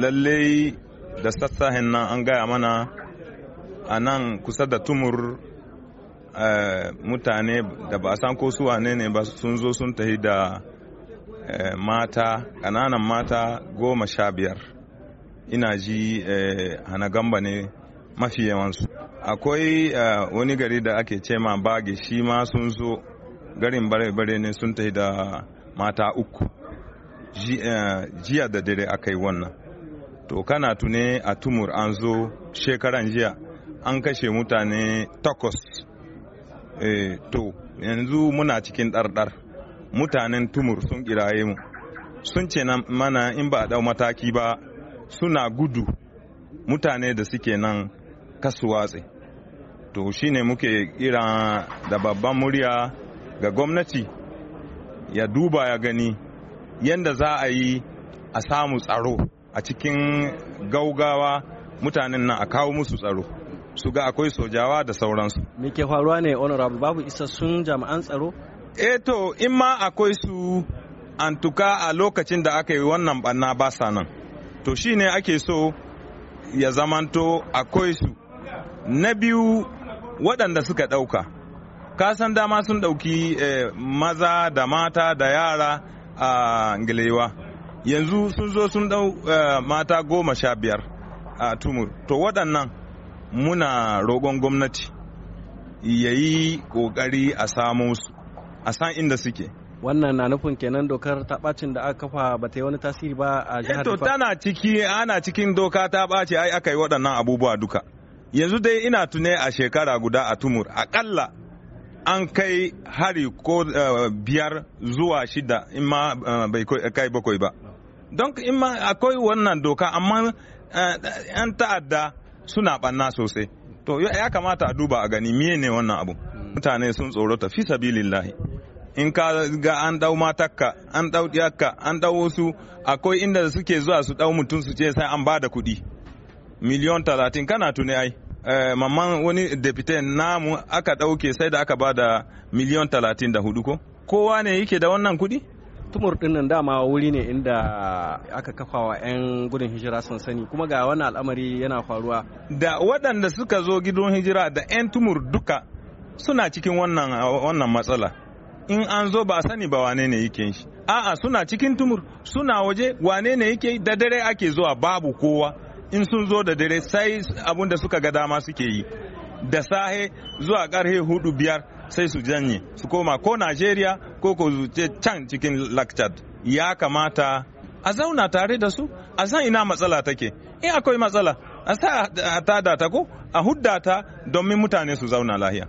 Lallai da sassahin nan an gaya mana a nan kusa da tumur eh, mutane da ba a san ko su wane ne ba sun zo sun tahi da eh, mata ƙananan mata goma sha biyar ina ji eh, hana gamba ne mafi yawansu akwai wani gari da ake ce ma bage shi ma sun zo garin bare-bare ne sun tahi da mata uku jiya da dare aka yi wannan to kana tune a tumur an zo shekaran jiya an kashe mutane takwas e, to yanzu muna cikin ɗarɗar mutanen tumur sun kiraye mu sun ce na mana in ba a ɗau mataki ba suna gudu mutane da suke nan kasuwatse to shine muke kira da babban murya ga gwamnati ya duba ya gani yadda za a yi a samu tsaro a cikin gaugawa mutanen nan a kawo musu tsaro su ga akwai sojawa da sauransu me ke faruwa ne honorable babu isassun jami'an tsaro eh to in ma akwai su an a lokacin da aka yi wannan banna ba sa nan to shine ake so ya zamanto akwai su na biyu waɗanda suka ɗauka kasan dama sun ɗauki eh, maza da mata da yara a ngilewa. yanzu sun zo sun dau eh, mata goma sha biyar a tumur to waɗannan muna roƙon gwamnati ya yi ƙoƙari a samu su a san inda suke wannan na nufin kenan dokar ta bacin da aka kafa ba ta yi wani tasiri ba a eh, jihar to tana ciki ana cikin doka ta ɓace ai aka yi waɗannan abubuwa duka yanzu dai ina tune a shekara guda a tumur akalla an kai hari ko eh, biyar zuwa shida in ma bai kai bakwai ba don in ma akwai wannan doka amma eh, yan ta'adda suna banna sosai to ya kamata a duba a gani miye ne wannan abu mutane sun tsorota fi sabilillahi in ka ga an dau matakka an dau diyakka an dau wasu akwai inda suke zuwa su dau mutum su ce sai an bada kuɗi miliyon talatin kana tuni ai eh, mamman wani depute namu aka ɗauke sai da aka bada miliyon talatin da hudu ko kowa ne yake da wannan kuɗi tumur din nan dama wuri ne inda aka kafa wa 'yan gudun hijira sansani kuma ga wani al'amari yana faruwa da waɗanda suka zo gidan hijira da 'yan tumur duka suna cikin wannan matsala in an zo ba sani ba wane ne yake shi a'a suna cikin tumur suna waje wane ne yake da dare ake zuwa babu kowa in sun zo da dare sai abun da suka ga dama suke yi da sahe zuwa karhe hudu biyar sai su janye su koma ko najeriya ko ko zuce can cikin lakcad ya kamata a zauna tare da su a san ina matsala take in akwai matsala a sa a tada ta ko a hudda ta domin mutane su zauna lahiya